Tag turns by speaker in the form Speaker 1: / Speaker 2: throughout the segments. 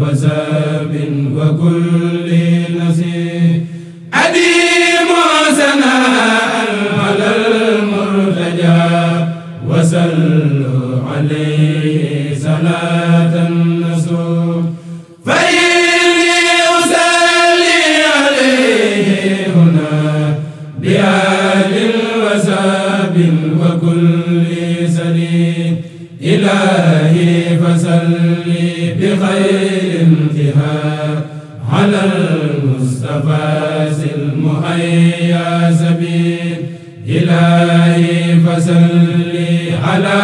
Speaker 1: وزاب وكل الانتهاء على المصطفى سلم يا سبيل إلهي فسلي على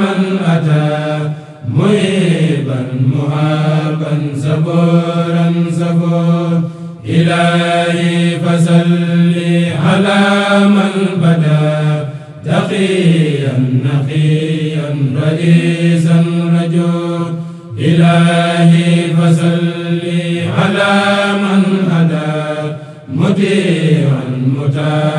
Speaker 1: من أتى مهيبا مهابا صبورا صبور إلهي فسلي على من بدا تقيا نقيا رئيسا إلهي فصل على من هدى مطيعا متابعا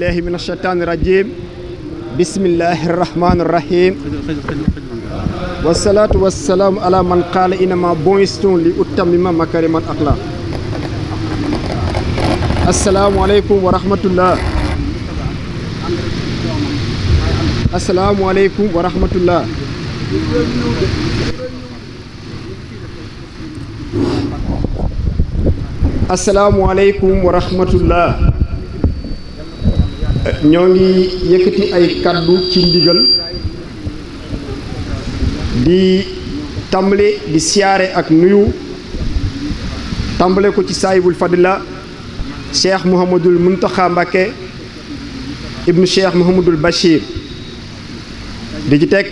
Speaker 2: billahi min ashaytaani rajim bismillahi rahmaani rahim wasalaatu wasalaamu ala man qaala innama bu'istu li utammima makarimal axlaaq asalaamualeykum wa rahmatullah asalaamualeykum wa rahmatullah asalaamualeykum wa rahmatullah ñoo ngi yëkkati ay kàddu ci ndigal di tàmbale di siyaare ak nuyu tàmbale ko ci saayibul fadila cheikh mouhamadul muntaxa mbàkke ibnu cheikh mouhamadul di ci teg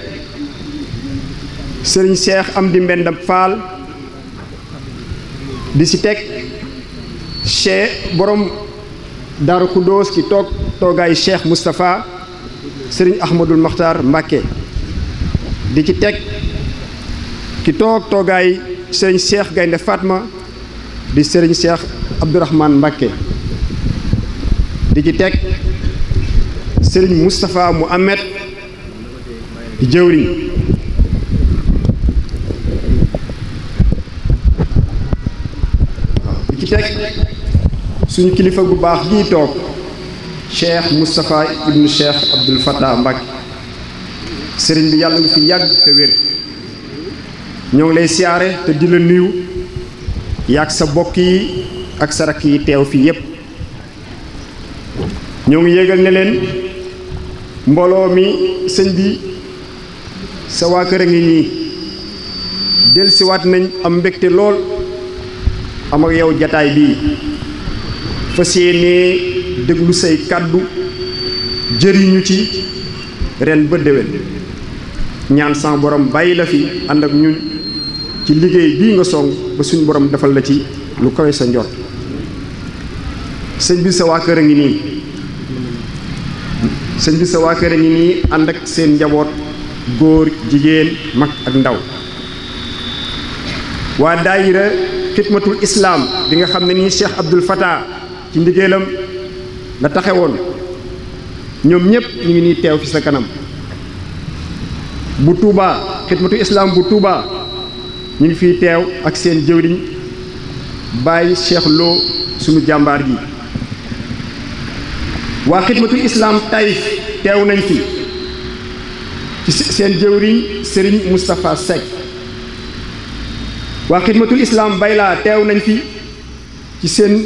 Speaker 2: sëriñ cheikh am di mbendam faal di si teg cheikh borom Daaru Xuddoos ci toog toogaayu Cheikh Moustapha Serigne Ahmadul Maxtaar Mbàkke di ci teg ki toog toogaay Serigne Cheikh Gaynde Fatma di Serigne Cheikh Abdourahman Mbàkke di ci teg Serigne Moustapha Mouhamed di jëwriñ suñ kilifa gu baax lii toog cheikh moustapha ibnu cheikh abdul fatah mbag sëriñ bi yàlla ngi fi yàgg te wér ñoo ngi lay siyaare te di la nuyu yàgg sa bokk yi ak sa rakk yi teew fii yépp ñoo ngi yégal ne leen mbooloo mi sëñ bi sa waa kër a ngi nii dellusiwaat nañ am mbégte lool am ak yow jataay bii fas yéenee déglu say kàddu jëriñu ci ren ba déwén ñaan san borom bàyyi la fi ànd ak ñun ci liggéey bii nga song ba suñu borom defal la ci lu kawe sa njort sëñ bi sa waa kër a ngi nii bi sa a ngi nii ànd ak seen njaboot góor jigéen mag ak ndaw waa daayira xidmatul islaam bi nga xam ne nii Cheikh Abdoul Fattah ci ndigeelam la taxewoon ñoom ñépp ñu ngi nii teew fi sa kanam bu Touba xidmatu islam bu Touba ñu ngi fiy teew ak seen jëwriñ bàyyi Cheikh Lo sunu jàmbaar ji waa xidmatu islam Taïf teew nañ fi ci seen jëwriñ sëriñ Moustapha Seck waa xidmatul islam Bayla teew nañ fi ci seen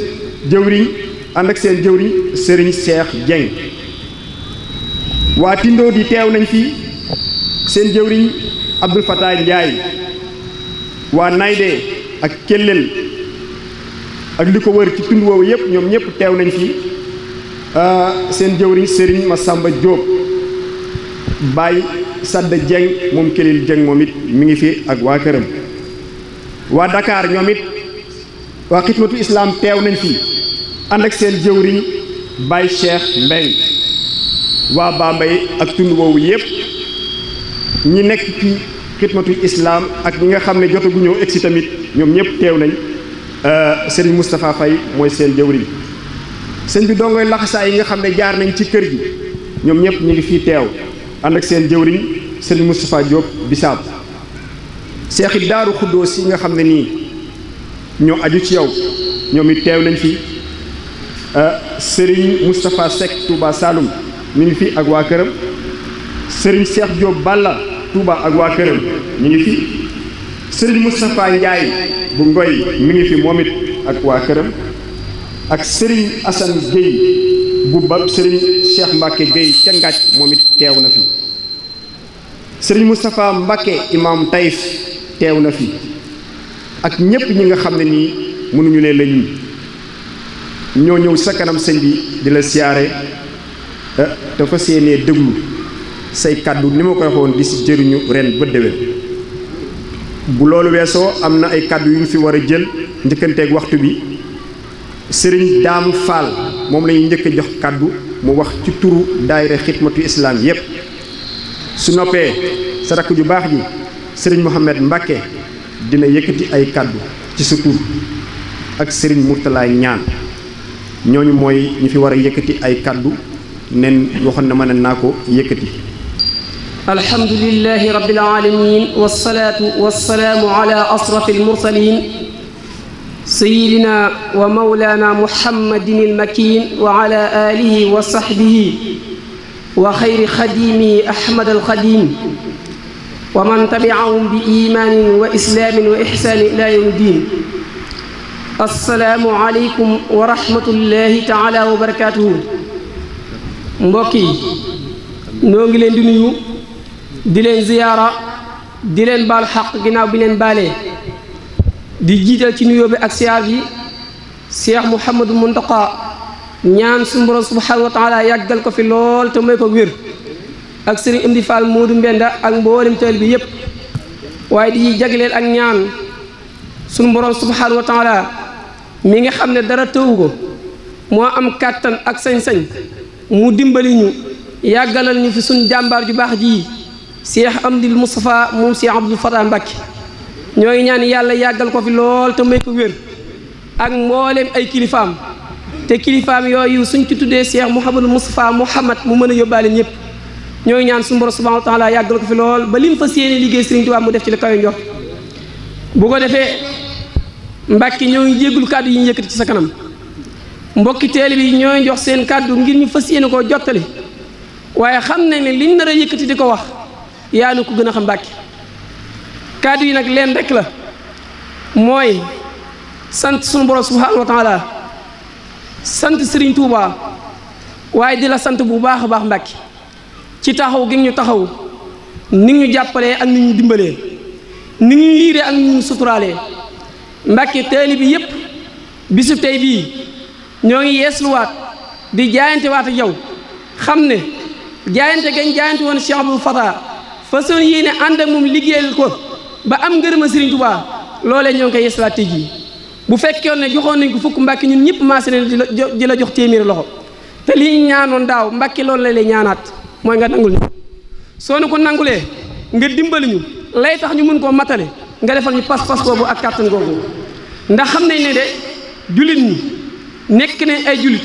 Speaker 2: jëwriñ ànd ak seen jëwriñ sëriñ Cheikh Dieng waa Tindo di teew nañ fi seen jëwriñ Abdoul Fatah Ndiaye waa Nayde ak Kellel ak li ko wër ci tund woowu yëpp ñoom ñëpp teew nañ fi euh, seen jëwriñ Serigne Massamba Diop Baye Sadda Dieng moom Kellel Dieng moom it mi ngi fi ak waa këram waa dakaar ñoom it waa xidmatu islam teew nañ fi. ànd ak seen jëwriñ Baye Cheikh Mbeng waa Bambey ak tund woowu yépp ñi nekk ci xidmatul islaam ak ñi nga xam ne jotaguñoo egsi tamit ñoom ñëpp teew nañ euh, sëriñ Moustapha Faye mooy seen jëwriñ sëñ bi dongoy laxasaa yi nga xam ne jaar nañ ci kër gi ñoom ñëpp ñu ngi fii teew ànd ak seen jëwriñ sëriñ Moustapha Diop bisaab seexi daaru xuddoo si nga xam ne nii ñoo aju ci yow ñoom it teew nañ fi sëriñ Moustapha Seck Touba Saloum mi ngi fi ak waa këram sëriñ seex Diop Balla Touba ak waa këram mi ngi fi Serigne Moustapha Ndiaye bu Ngoy mi ngi fi moomit ak waa këram ak sëriñ Assane Gueye bu bab Serigne Cheikh Mbacke Gueye ca Ngaaj moom it teew na fi Serigne Moustapha Mbacke Imam Taïf teew na fi ak ñépp ñi nga xam ne nii mënuñu leen la ñoo ñëw sa kanam sëñ bi di la siyaare eh, te fas yéenee déglu say kàddu ni ma koy waxoon di jëriñu ren ba déwén bu loolu weesoo am na ay kàddu yu ñu fi war a jël njëkkanteeg waxtu bi sëriñ Daamu Fall moom lañuy njëkk a jox kàddu mu wax ci turu daayira xidmatu islaam yépp su noppee sa ju baax ji sëriñ Mouhamed Mbacke dina yëkkati ay kàddu ci sa ak sëriñ Mourtala ñaan ñooñu mooy ñi fi war a yëkkati ay kàddu nen waxoon na ma naa ko yëkkati
Speaker 3: alhamdulillahi rabbil alamin wassalaatu wassalaamu ala asraf almursalin sayidina wa mawlana muhammadin almakin wa wa sahbihi wa xayri xadimi ahmad alxadim wa man tabiahum bi imanin wa islaamin wa ixsaanin ila din asalaamu aleykum wa rahmatullahi wa barakaatuhu mbokk yi noo ngi leen di nuyu di leen ziyaara di leen baal xaq ginnaaw bi leen baale di jiital ci nuyoo bi ak siyaar yi Cheikh Mouhamadou Mountakha ñaan suñu borom subhaanahu wa taala yàggal ko fi lool te may ko wér ak sëriñ Amdi Fall Moodu Mbenda ak mboolem teel bi yépp waaye di jagleel ak ñaan suñu borom subhaanahu wa taala mi nga xam ne dara tëwu ko moo am kàttan ak sañ-sañ mu dimbali ñu yàggalal ñu fi suñ jàmbaar ju baax ji Cheikh Amdil Moustapha moom Cheikh Abdoul Fatah Mbacké ñoo ngi ñaan yàlla yàggal ko fi lool te may ko wér ak mbooleem ay kilifaam te kilifaam yooyu suñ ci tuddee Cheikh Mouhamadou Moustapha Mouhamad mu mën a yóbbaale ñëpp ñoo ngi ñaan suñu borom subhanahu wa yàggal ko fi lool ba lim fa séene liggéey Serigne Touba mu def ci la kawe bu ko defee mbàkki ñoo ngi jéggul kàddu yi ñu yëkkati ci sa kanam mbokki teel bi ñooy jox seen kàddu ngir ñu fas yéene koo jottali waaye xam nañ ne liñ nar a yëkkati di ko wax yaa nu ko gën a xam mbàkki kàddu yi nag leen rek la mooy sant sunu borom subhaanahu wa sant sëriñ Touba waaye di la sant bu baax a baax mbàkki ci taxaw gi ñu taxaw ni ñu jàppalee ak ni ñu dimbalee ni ñu yiiree ak ni ñu suturaalee. mbàkke taali bi yépp bisub tey bii ñoo ngi yeesluwaat di jaayantewaat ak yow xam ne jaayante gañ jaayante woon Cheikh Abdou Fatah façon yii ne ànd ak moom liggéeyal ko ba am ngërëma Sëriñ Tuubaa loolee ñoo ngi koy yeesluwaat tey jii bu fekkoon ne joxoon nañ ku fukk mbakki ñun ñëpp maase ne di la jox téeméeri loxo te lii ñaanoon daaw mbakki loolu la ñaanaat mooy nga nangul ñu soo nu ko nangulee nga dimbali ñu lay tax ñu mun koo matale nga defal ñu pas-pas boobu ak kàttan googu ndax xam nañ ne de jullit ñi nekk nañ ay jullit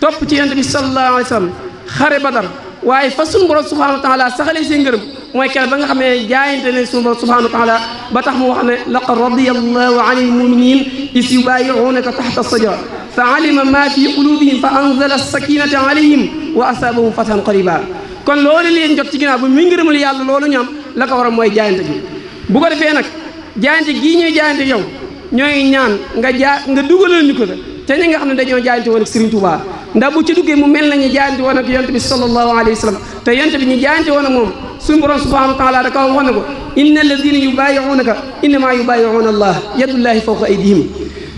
Speaker 3: topp ci yonent bi sallallahu alayhi wa sallam xare badar waaye fa suñu borom subhanahu wa taala saxalee seen ngërëm mooy kenn ba nga xam ne jaayante ne suñu borom subhanahu wa taala ba tax mu wax ne laqad radiyallahu an almuminin is yubayi'unaka taxta sajara fa alima ma fi qulubihim fa anzala sakinata alayhim wa asaabahum fathan qariba kon loolu leen jot ci ginnaaw bu mi ngërëmul yàlla loolu ñoom la ko waral mooy jaayante bi bu ko defee nag jaayante gii ñuy jaayante yow ngi ñaan nga jaa nga dugalal ñu ko te ñi nga xam ne dañoo jaayante woon ak Serigne Touba ndax bu ci duggee mu mel na ñu jaayante woon ak yonte bi sallallahu alayhi wa sallam te yonte bi ñu jaayante woon ak moom suñu borom subhanahu wa taala da ko wax ne ko inna alladina yubayiunaka innama yubayiuna allah yadullahi fawqa aydihim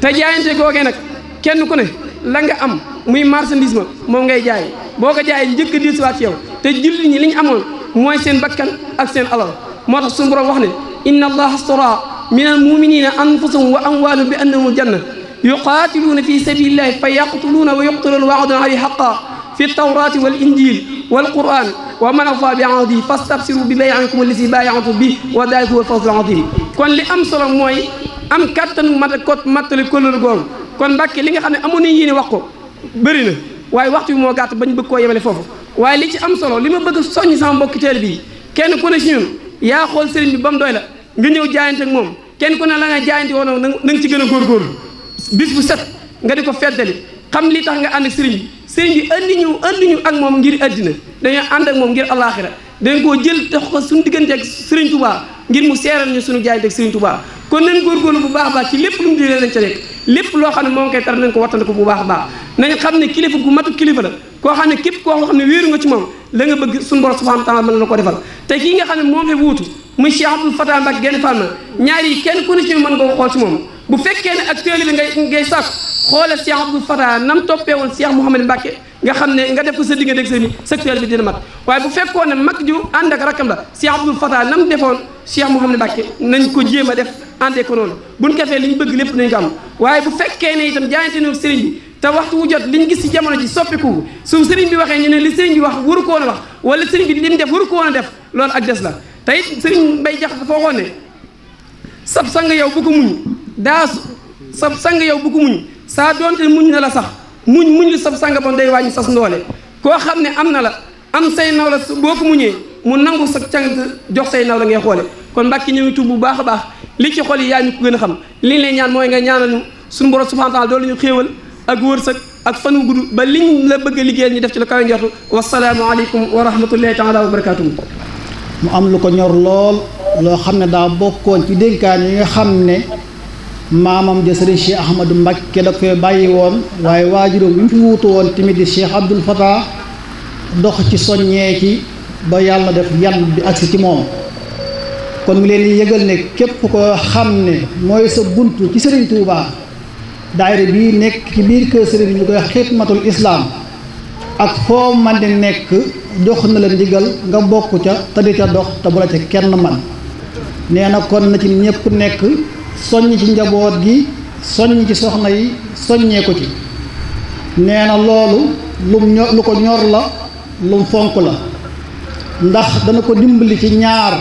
Speaker 3: te jaayante googee nag kenn ku ne la nga am muy marchandise ma moom ngay jaay boo ko jaayee njëkk a dellusiwaat yow te jullit ñi li ñu amoon mooy seen bakkan ak seen alal moo tax suñu borom wax ne inna allaha ashtara min almuminina anfusahum wa amwalahum bi annahum aljanna yuqatiluuna fi sabilillahi fa yaqtuluuna wa yuqtaluuna waadan alayhi haqqan fi ltawrati walinjil walquran wa man afa bi ahdihi fastabsiru bi bay'ikum allazi baayatum bi wa dalika huwa alfawzul azim kon li am solo mooy am kattanu mat ko mattali kóllëre googu kon Mbàkke li nga xam ne amoon nañu yéene wax ko bëri na waaye waxtu bi moo gàtt bañ bëgg koo yemale foofu waaye li ci am solo li ma bëgg soññ sama mbokki teel bii kenn ku ne si ñun yaa xool sëriñ bi ba mu doy la nga ñëw jaayante ak moom kenn ku ne la nga jaayante woon na nga ci gën a góorgóorlu bis bu set nga di ko feddali xam li tax nga ànd ak sëriñ bi sëriñ bi andi ñu andi ñu ak moom ngir àddina dañoo ànd ak moom ngir alaaxira dañ koo jël tax ko suñu diggante ak sëriñ Touba ngir mu seeral ñu suñu jaayante ak sëriñ Touba kon nañ góorgóorlu bu baax baax ci lépp lu mu dilee nañ ca nekk lépp loo xam ne moo ngi koy tar nañ ko wattandiku bu baax baax nañ xam ne kilifa gu matu kilifa koo xam ne képp koo xam ne wéeru nga ci moom nga bëgg suñu borom subhanahu wa mën na la ko defal te kii nga xam ne moom fi wuutu muy Cheikh Abdou Fatah Mbacke genn fànn ñaar yi kenn ku ne ci mën nga xool ci moom bu fekkee ne ak téeli bi ngay ngay sàkku xoole Cheikh Abdou Fatah nam toppee woon Cheikh Mouhamed Mbacke nga xam ne nga def ko sa digga dég sëni secteur bi dina mat waaye bu fekkoon ne mag ju ànd ak rakkam la Cheikh Abdou Fatah nam defoon Cheikh Mouhamed Mbacke nañ ko jéem a def àndee ko noonu buñ ko fee li ñu bëgg lépp nañ ko am waaye bu fekkee ne itam jaayante no sëriñ bi te waxtu wu jot liñ gis ci jamono ji soppiku su sëriñ bi waxee ñu ne li sëriñ bi wax waru ko woon a wax wala sëriñ bi li mu def waru ko woon def loolu ak des la te it bay Mbay Jaxate dafa waxoon sab sang yow bu ko muñ daa sab sang yow bu ko muñ saa doonte muñ na la sax muñ muñ lu sab sang bon day wàññi sas ndoole koo xam ne am na la am say naw la boo ko muñee mu nangu sa cant jox say naw la ngay xoole kon mbàkki ñëwi tub bu baax baax li ci xol yi yaa ñu ko gën a xam li lay ñaan mooy nga ñaanal su suñu borom subhaana taala doolu ñu xéewal ak wërsëg ak fan wu gudd ba liñ la bëgg a liggéeyal ñu def ci la kawe njortu wasalaamu
Speaker 4: aleykum wa rahmatullahi taala wa barakatuhu mu am lu ko ñor lool loo xam ne daa bokkoon ci dénkaan yi nga xam ne maamam ja sëriñ Cheikh Ahmadou Mbacké da koy bàyyi woon waaye waajuróom bi mu fi wuutu woon tamit di Cheikh Abdoul Fatah dox ci soññee ci ba yàlla def yan bi si ci moom kon mu leen di yëgal ne képp koo xam ne mooy sa bunt ci sëriñ Touba daayira bii nekk ci biir kër sëriñ bi ñu koy xidmatul islaam ak foo man nekk jox na la digal nga bokk ca te di ca dox te ca kenn man nee na kon na ci ñépp nekk soññ ci njaboot gi soññ ci soxna yi soññee ci nee na loolu lum ñor lu ko ñor la lum fonk la ndax dana ko dimbali ci ñaar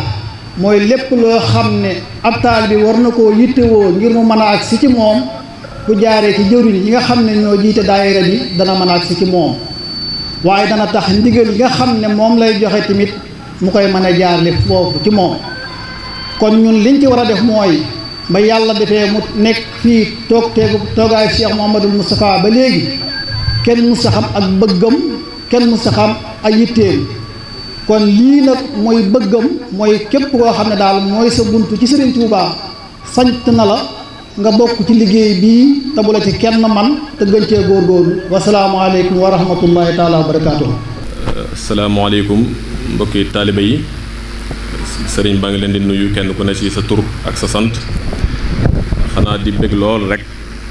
Speaker 4: mooy lépp loo xam ne ab taal bi war na koo yittewoo ngir mu mën a agsi ci moom bu jaaree ci jëwriñ yi nga xam ne ñoo jiite daayira bi dana mën a agsi ci moom waaye dana tax ndigal nga xam ne moom lay joxe tamit mu koy mën a jaarle foofu ci moom kon ñun liñ ci war a def mooy ba yàlla defee mu nekk fii toog teegu toogaay Cheikh Mouhamadul Moustapha ba léegi kenn musa xam ak bëggam kenn musa xam ak yitteem kon lii nag mooy bëggam mooy képp koo xam ne daal mooy sa buntu ci Serigne Touba sant na la nga bokk ci liggéey bii te bu ci kenn man te gën cee góorgóorlu wasalaamaaleykum wa rahmatullahi taala wa barakaatuhu.
Speaker 5: salaamaaleykum mbokki taaliba yi sëriñ baa ngi leen di nuyu kenn ku ne ci sa tur ak sa sant xanaa di bëgg lool rek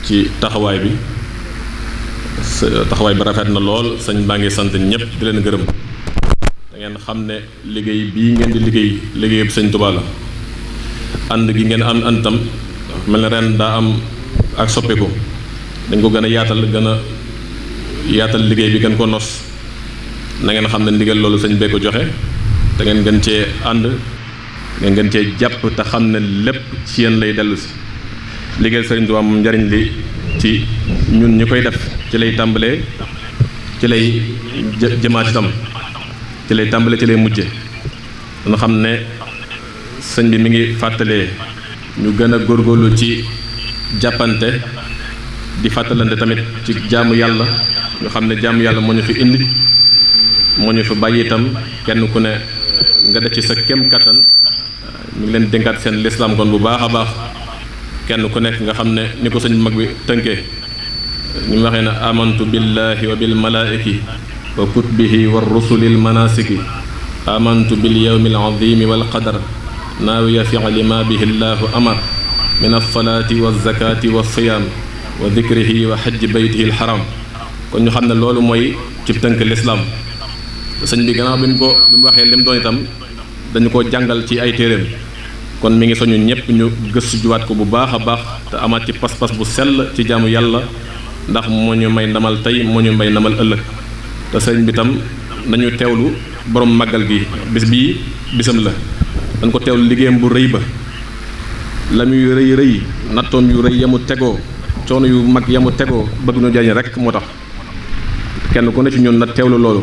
Speaker 5: ci taxawaay bi taxawaay bi rafet na lool sañ baa ngi sant ñëpp di leen gërëm. ngeen xam ne liggéey bi ngeen di liggéey liggéeyub sëñ Tuubaa ànd gi ngeen am ànd mel ne ren daa am ak soppiku dañ ko gën a yaatal gën a yaatal liggéey bi gën ko nos na ngeen xam ne ndigal loolu sëñ bee ko joxe te ngeen gën cee ànd ngeen gën cee jàpp te xam ne lépp ci yéen lay dellu si liggéey sëriñ Tuubaa moom njariñ li ci ñun ñi koy def ci lay tàmbalee ci lay jëmaat itam ci lay tàmbalee ci lay mujje dana xam ne sëñ bi mi ngi fàttalee ñu gën a góorgóorlu ci jàppante di fàttalante tamit ci jaamu yàlla ñu xam ne jàmm yàlla moo ñu fi indi moo ñu fi bàyyi itam kenn ku ne nga def ci sa kem kattan ñu ngi leen dënkaat seen lislaam kon bu baax a baax kenn ku nekk nga xam ne ni ko sëñ mag bi tënkee ñu waxee ne amantu billahi wa bil malaa'iki wa kutbihi wa rusulil manasiki amantu bil yawmil azimi wal qadar naawiya fi'li ma bihi llaahu amar min alsalaati walzakaati walsiyaam wa dikrihi wa xajji baytihi alxaram kon ñu xam ne loolu mooy ci tënk lislaam sëñ bi gannaaw bi mu ko bi mu waxee lim doon itam dañu ko jàngal ci ay téeréem kon mi ngi soñu ñëpp ñu gëstu juwaat ko bu baax a baax te amaat ci pas-pas bu sell ci jaamu yàlla ndax moo ñu may ndamal tey moo ñu may ndamal ëllëg te sëñ bi tam nañu teewlu borom màggal bi bis bii bisam la dañ ko teewlu liggéeyam bu rëy ba la muy rëy rëy nattoom yu rëy yamu tegoo coono yu mag yamu tegoo bëgg ñu jariñ rek moo tax kenn ku ne ci ñun na teewlu loolu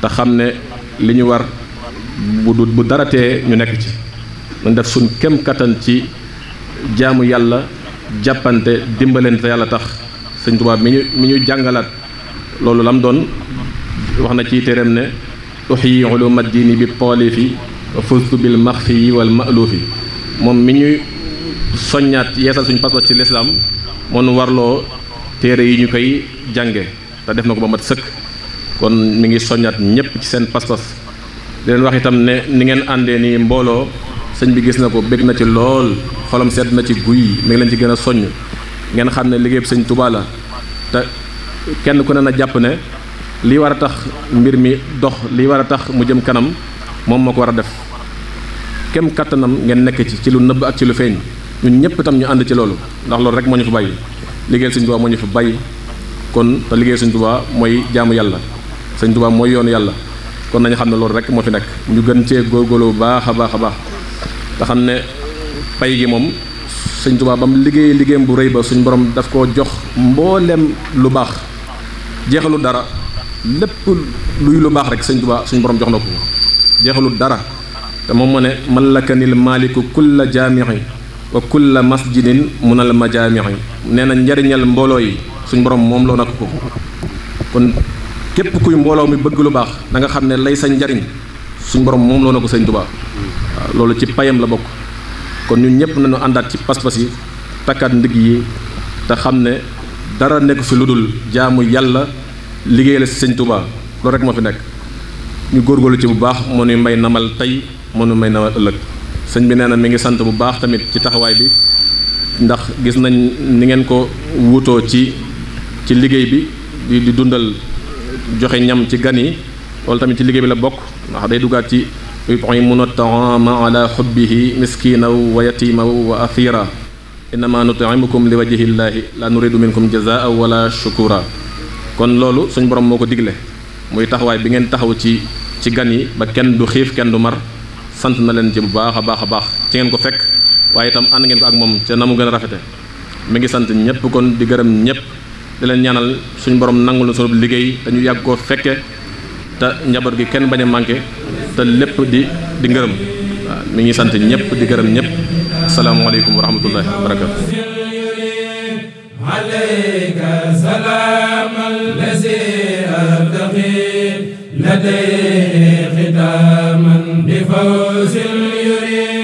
Speaker 5: te xam ne li ñu war bu bu dara tee ñu nekk ci nañ def suñ kem kattan ci jaamu yàlla jàppante dimbaleent dimbalante yàlla tax sëñ Tuubaa mi ñu mi ñu jàngalaat loolu lam doon wax na ci téereem ne uxyi uluma diini bi pooli fi fustu bil maxfi yi wal ma'lufi moom mi ñuy soññaat yeesal suñu pas ci lislaam moom warloo téere yi ñu koy jànge te def na ko ba mat sëkk kon mi ngi soññaat ñépp ci seen pas-pas di leen wax itam ne ni ngeen àndee nii mbooloo sëñ bi gis na ko bég na ci lool xolam sedd na ci guy mi ngi leen ci gën a soññ ngeen xam ne liggéeyub sëñ tubaala te kenn ku ne na jàpp ne li war a tax mbir mi dox li war a tax mu jëm kanam moom moo ko war a def kem kattanam ngeen nekk ci ci lu nëbb ak ci lu feeñ ñun ñëpp tam ñu ànd ci loolu ndax loolu rek moo ñu fi bàyyi liggéeyal sëñ Tuubaa ñu fi bàyyi kon te liggéeyal sëñ Tuubaa mooy jaamu yàlla sëñ Tuubaa mooy yoonu yàlla kon nañu xam ne loolu rek moo fi nekk ñu gën cee góorgóorlu bu baax a baax a baax te xam ne pay gi moom sëñ Tuubaa ba mu liggéey liggéeyam bu rëy ba suñ borom daf koo jox mboolem lu baax jeexalu dara lépp luy lu baax rek sëñ Tuubaa suñ borom jox na ko jeexalu dara te moom ma ne mallakanil maaliku kulla jaamixi wa la masjidin munal majaamixi nee na njariñal mbooloo yi suñ borom moom loo nak ko kon képp kuy mbooloo mi bëgg lu baax da nga xam ne lay sa njariñ suñ borom moom loo na ko sëñ Tuubaa loolu ci payam la bokk kon ñu ñëpp nañu àndaat ci pas-pas yi takkaat ndigg yi te xam ne dara nekk fi lu dul jaamu yàlla liggéey la si sëñ Tuubaa loolu rek moo fi nekk ñu góorgóorlu ci bu baax moo nuy may namal tey mënu may nawal ëllëg sëñ bi nee na mi ngi sant bu baax tamit ci taxawaay bi ndax gis nañ ni ngeen ko wutoo ci ci liggéey bi di dundal joxe ñam ci gan yi loolu tamit ci liggéey bi la bokk ndax day dugaat ci yut'imuna ta'ama ala hubbihi miskinaw wa yatimaw wa athira innama nut'imukum li wajhi llahi la nuridu minkum jazaa wala shukura kon loolu suñ borom moo ko digle muy taxawaay bi ngeen taxaw ci ci gan yi ba kenn du xiif kenn du mar sant na leen ci bu baax a baax a baax ci ngeen ko fekk waaye itam ànd ngeen ko ak moom te na mu gën a rafete mi ngi sant ñëpp kon di gërëm ñépp di leen ñaanal suñu boroom nangu la na bu liggéey dañu yàgg koo fekke te njaboot gi kenn bañ a te lépp di di ngërëm waaw mi ngi sant ñëpp di gërëm ñëpp asalaamaaleykum wa rahmatullahi wa barakatu عليك
Speaker 1: سلام الذي أبتغي لديه الفوز يريد